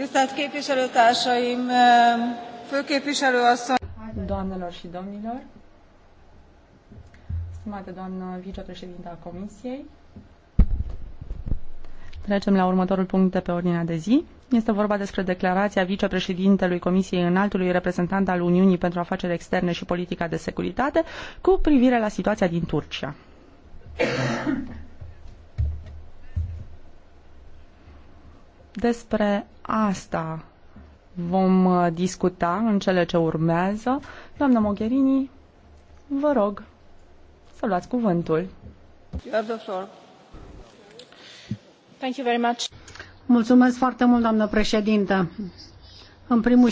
Tisztelt képviselőtársaim, főképviselő asszony. Doamnelor și domnilor, stimată doamnă vicepreședinte a Comisiei, Trecem la următorul punct de pe ordinea de zi. Este vorba despre declarația vicepreședintelui Comisiei Înaltului Reprezentant al Uniunii pentru Afaceri Externe și Politica de Securitate cu privire la situația din Turcia. Despre asta vom uh, discuta în cele ce urmează. Doamna Mogherini, vă rog să luați cuvântul. Mulțumesc foarte mult, doamnă președintă. În primul